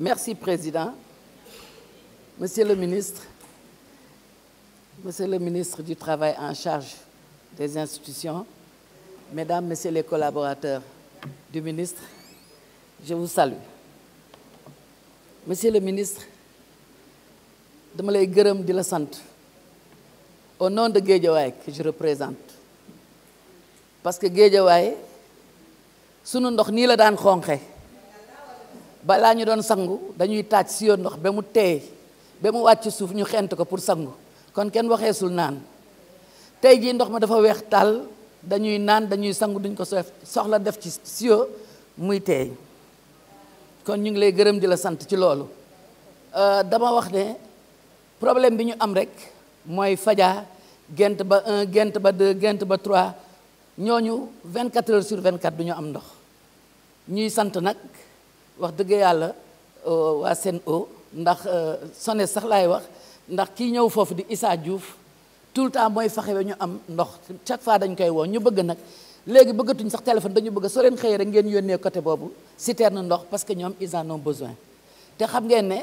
Merci, Président. Monsieur le ministre, Monsieur le ministre du Travail en charge des institutions, Mesdames, Messieurs les collaborateurs du ministre, je vous salue. Monsieur le ministre, dama lay gërëm di la sant au nom de Guédiawaye que je représente parce que Guédiawaye sunu ndox nii la daan xonqe balaa ñu doon sangu dañuy taaj si yoon ndox ba mu teey ba mu wàcc suuf ñu xent ko pour sangu kon kenn waxeesul naan tey jii ndox ma dafa weex tàll dañuy naan dañuy sangu duñ ko soxla def ci sio muy teey kon ñu ngi lay gërëm di la sant ci loolu euh, dama wax ne problème bi ñu am rek mooy faja gent ba un gent ba deux gent ba trois ñu 24 heures sur vingt 24 du ñu am ndox ñuy sant nag wax dëgg yàlla euh, waa Sen'Eau ndax euh, sone sax laay wax ndax kii ñëw foofu di Issa Diouf tout le temps mooy fexe ñu am ndox chaque fois dañ koy woo ñu bëgg nag léegi bëggatuñ sax téléphone dañu bëgg soo leen xëyee rek ngeen yónnee côté boobu citerne ndox parce que ñoom ils en ont besoin te xam ngeen ne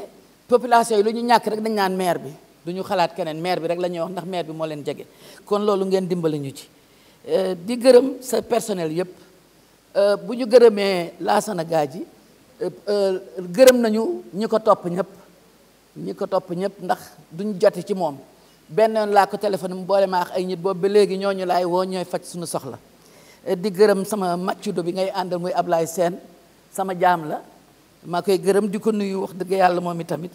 population yi lu ñu ñàkk rek dañ naan maire bi duñu ñu xalaat keneen maire bi rek la ñuy wax ndax maire bi moo leen jege kon loolu ngeen dimbali ñu ci euh, di gërëm sa personnel yëpp bu ñu gërëmee Laasana gërëm nañu ñi ko topp ñëpp ñi ko topp ñëpp ndax duñ joti ci moom bennoon yoon laa ko téléphone mu boole ma ak ay nit boobu ba léegi ñooñu laay woo ñooy faj suñu soxla di gërëm sama maccudo bi ngay àndal muy laay seen sama jaam la maa koy gërëm di ko nuyu wax dëgg yàlla moom i tamit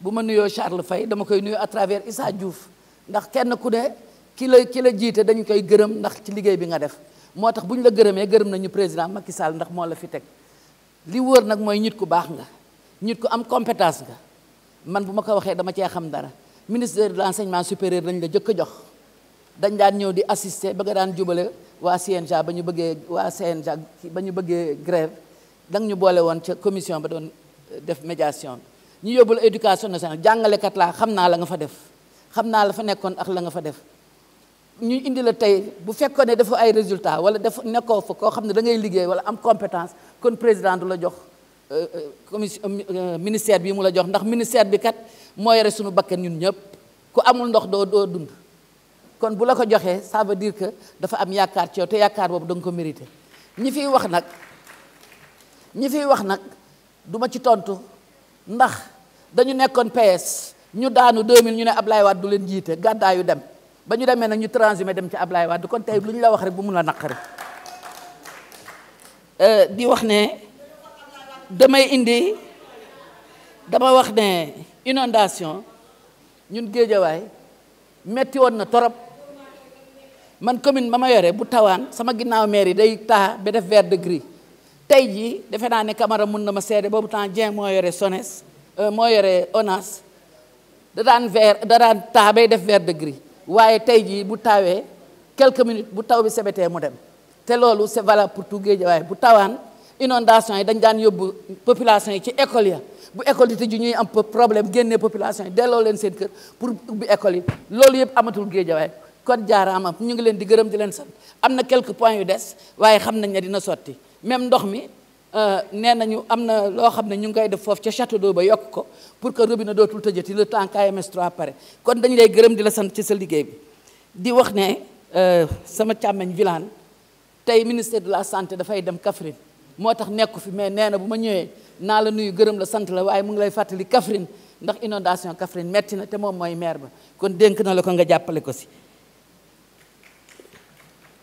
bu ma nuyoo Charles fay dama koy nuyu à travers Issa Diouf ndax kenn ku ne ki la ki la jiite dañ koy gërëm ndax ci liggéey bi nga def moo tax bu ñu la gërëmee gërëm nañu président Macky Sall ndax moo la fi teg li wóor nag mooy nit ku baax nga nit ku am compétence nga man bu ma ko waxee dama cee xam dara ministère de l'enseignement supérieur dañ la jëkk a jox dañ daan ñëw di assister ba nga daan jubale waa CNJ ba ñu bëggee waa CNJ ba ñu bëggee grève da ñu boole woon ca commission ba doon euh, def médiation ñu yóbbul éducation nationale jàngalekat laa xam naa la nga fa def xam naa la fa nekkoon ak la nga fa def ñu indi la tey bu fekkoon ne dafa ay résultat wala def nekkoo fa koo xam ne da ngay liggéey wala am compétence kon président du la jox euh, euh, commission euh, ministère bi mu la jox ndax ministère bi kat moo yore suñu bakkan ñun ñëpp ku amul ndox doo doo dund kon bu la ko joxee ça veut dire que dafa am yaakaar ci te yaakaar boobu da nga ko mérité ñi fiy wax nag ñi fiy wax nag duma ci tontu ndax dañu nekkoon PS ñu daanu 2000 ñu ne Ablaye Wade du leen jiite gàddaayu dem ba ñu demee nag ñu ma dem ci Ablaye Wade kon tey lu ñu la wax rek bu mu a naqari euh, di wax ne damay indi dama wax ne inondation ñun géejawaay metti woon na torop man commune ba ma yore bu tawaan sama ginnaaw maire yi day taa ba def vert de tey jii defe naa ne Camara mun na ma seede boobu temps Dieng moo yore SONES euh, moo yore ONAS da daan vert da daan taa bay def vert de waaye tey jii bu tawee quelques minutes bu taw bi sebetee mu dem te loolu c'est valable pour tout Guédiawaye bu tawaan inondation yi dañ daan yóbbu population yi ci école ya bu école yi tëju ñuy am problème génnee population yi delloo leen seen kër pour ubbi école yi loolu yëpp amatul Guédiawaye kon jaaraama ñu ngi leen di gërëm di leen sax am na quelques points yu des waaye xam nañ ne dina sotti même ndox mi Euh, nee nañu am na loo xam ne ñu ngi koy def foofu ca château d'eau ba yokk ko pour que robinet dootul tëjati le temps KMS 3 pare kon dañu lay gërëm di la sant ci sa liggéey bi di wax ne euh, sama càmmeñ Vilane tey ministère de la santé dafay dem Kaffrine moo tax nekku fi mais nee na bu ma ñëwee naa la nuyu gërëm la sant la waaye mu ngi lay fàttali Kaffrine ndax inondation Kaffrine metti na te moom mooy maire ba kon dénk na la ko nga jàppale ko si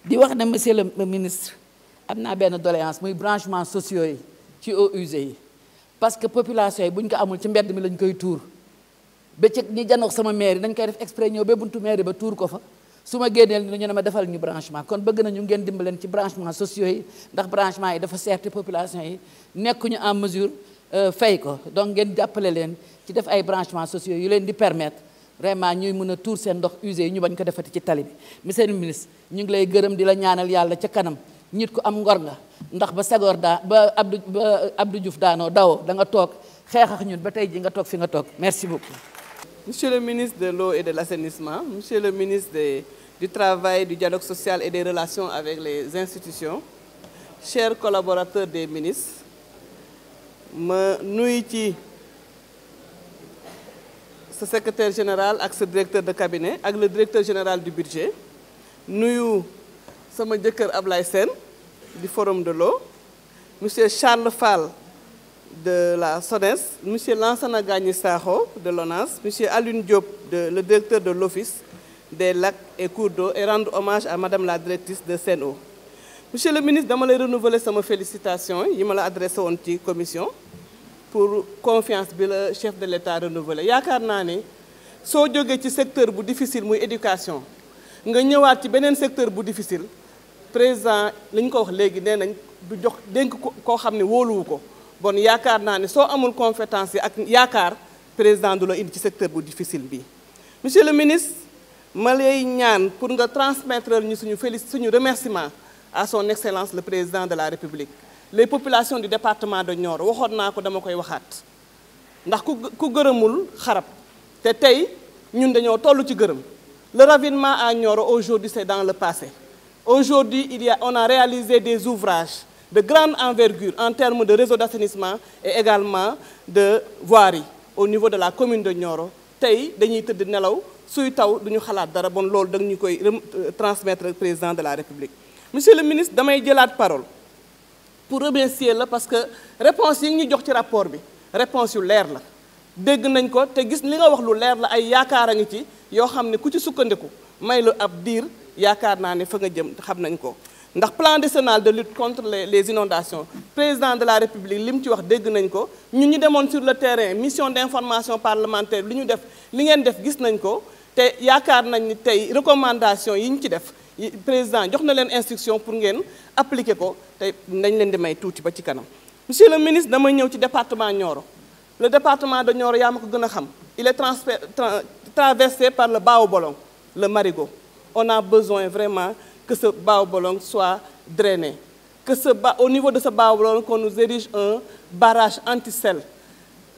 di wax ne monsieur ministre am naa benn doléance muy branchement sociaux yi ci o use yi parce que population yi bu ñu ko amul ci mbedd mi lañ koy tuur ba ci ñi janox sama mairie dañ koy def exprès ñëw ba buntu mairie ba tuur ko fa su ma génneel ñu ne ma defal ñu branchement kon bëgg nañu ngeen dimbaleen ci branchement sociaux yi ndax branchement yi dafa seerte population yi nekkuñu en mesure euh, fay ko donc ngeen jàppale leen ci def ay branchement sociaux yu leen di permettre vraiment ñuy mën a tuur seen usé yi ñu bañ ko defati ci tali bi monsieur le ministre ñu ngi lay gërëm di la ñaanal yàlla ca kanam nit ku am ngor nga ndax ba segor daa ba Abdou ba Abdou Diouf daanoo daw da nga toog xeex ak ñun ba tey ji nga toog fi nga toog merci beaucoup. Monsieur le ministre de l'eau et de l'assainissement monsieur le ministre des du travail du dialogue social et des relations avec les institutions chers collaborateur des ministres ma nuyu ci sa secretaire général ak sa directeur de cabinet ak le directeur général du budget nuyu. sama jëkkër Ablaye sen di Forum de l'eau monsieur Charles Fall de la SONES monsieur Lansana Gagny Sakho de l'ONAS monsieur Alioune Diop de le directeur de l'office des lacs et cours d'eau et rendre hommage à madame la directrice de Sen'Eau monsieur le ministre dama lay renouveler sama félicitation yi ma la adressé woon ci commission pour confiance bi la chef de l'État renouvelé yaakaar naa ne soo jógee ci secteur bu difficile muy éducation nga ñëwaat ci beneen secteur bu difficile président li ko wax léegi nee nañ du jox dénk ko koo xam ne wóoluwu ko bon yaakaar naa ne soo amul compétence yi ak yaakaar président du la indi ci secteur bu difficile bi monsieur le ministre ma lay ñaan pour nga transmettre ñu suñu félic suñu remerciement à son excellence le président de la république les populations du département de Nioro waxoon naa ko dama koy waxaat ndax ku ku gërëmul xarab te tey ñun dañoo toll ci gërëm le ravinement à Nioro aujourd'hui dans le passé Aujourd'hui, il y a, on a réalisé des ouvrages de grande envergure en termes de réseau d'assainissement et également de voirie au niveau de la commune de Nioro tey dañuy tëdd nelaw suy taw duñu xalaat dara bon loolu da ñu koy euh, transmettre président de la République monsieur le ministre damay jëlaat parole pour remercier la parce que réponse yi ñu jox ci rapport bi réponse yu leer la dégg nañ ko te gis li nga wax lu leer la ay yaakaar a ngi ci yoo xam ne ku ci sukkandiku may lu ab diir yaakaar naa ne fa nga jëm xam nañ ko ndax plan décennal de lutte contre les les inondations président de la république li mu ci wax dégg nañ ko ñu ñu demoon sur le terrain mission d'information parlementaire li ñu def li ngeen def gis nañ ko te yaakaar nañ ni tey recommandation yi ñu ci def président jox na leen instruction pour ngeen appliquer ko te dañ leen di may tuuti ba ci kanam monsieur le ministre damay ñëw ci département Nioro le département de Nioro yaa ma ko gën a xam il est transper traversé par le Baobolon le Marigot on a besoin vraiment que ce Baobolong soit drainé. Que ce, au niveau de ce Baobolong, qu'on nous érige un barrage anti-sel.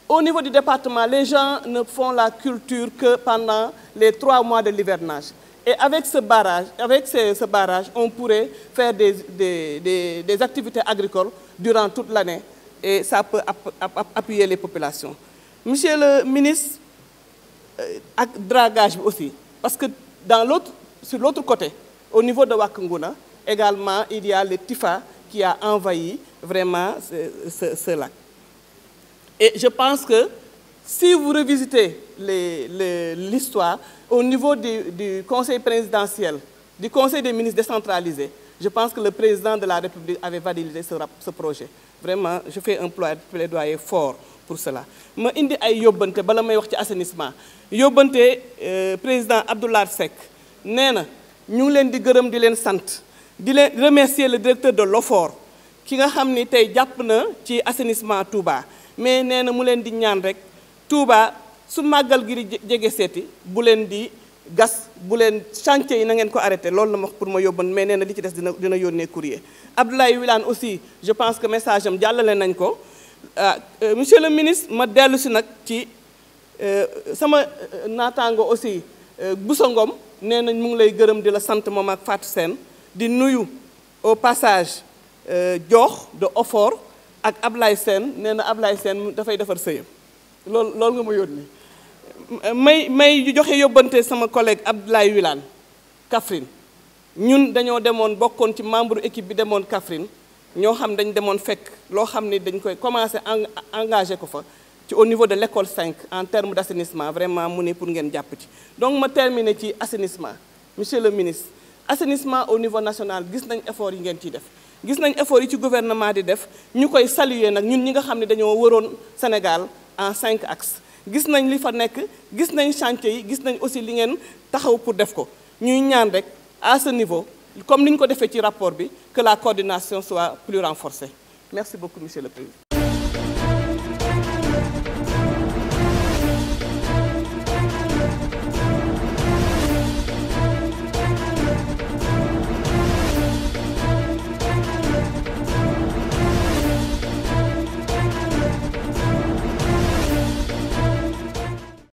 Au niveau du département, les gens ne font la culture que pendant les trois mois de l'hivernage. Et avec ce barrage, avec barrage on pourrait faire des, des, des, des activités agricoles durant toute l'année et ça peut appuyer les populations. Monsieur le ministre, euh, dragage aussi, parce que dans l'autre sur l'autre côté, au niveau de Wakunguna, également, il y a le Tifa qui a envahi vraiment ce, ce, ce lac. Et je pense que si vous revisitez l'histoire, au niveau du, du, conseil présidentiel, du conseil des ministres décentralisé, je pense que le président de la République avait validé ce, ce projet. Vraiment, je fais un plaidoyer fort pour cela. Je vais vous dire que l'assainissement, le président Abdoulaye Sek, nee na ñu ngi leen di gërëm di leen sant di leen remercier le directeur de l'OFOR ki nga xam ni tey jàpp na ci assainissement Touba mais nee na mu leen di ñaan rek Touba su màggal gi di jege seeti bu leen di gas bu leen chantier yi na ngeen ko arrêté lool na ma pour ma yóbban mais nee na li ci des dina dina yónnee courrier Abdoulaye Wilane aussi je pense que message am jàllale nañ ko ah euh, monsieur le ministre ma dellu si nag ci euh, sama euh, naataango aussi Boussa Ngom nee nañ mu ngi lay gërëm di la sant moom ak Fatou seen di nuyu o passage euh, Diokh de Ofor ak Ablaye seen nee na Ablaye Sène dafay defar sëyam loolu loolu nga ma yónni may may joxe yóbbante sama collègue Abdoulaye wilaan Kaffrine ñun dañoo demoon bokkoon ci membre équipe bi demoon Kaffrine ñoo xam dañ demoon fekk loo xam ni dañ koy commencé engagé ko fa ci au niveau de l' cinq 5 en terme d' assainissement vraiment mu ne pour ngeen jàpp ci donc ma terminer ci assainissement monsieur le ministre assainissement au niveau national gis nañ effort yi ngeen ciy def gis nañ effort yi ci gouvernement di def ñu koy saluer nag ñun ñi nga xam ne dañoo wëroon Sénégal en cinq axes gis nañ li fa nekk gis nañ chantier yi gis nañ aussi li ngeen taxaw pour def ko ñuy ñaan rek à ce niveau comme ni ñu ko defee ci rapport bi que la coordination soit plus renforcée merci beaucoup le président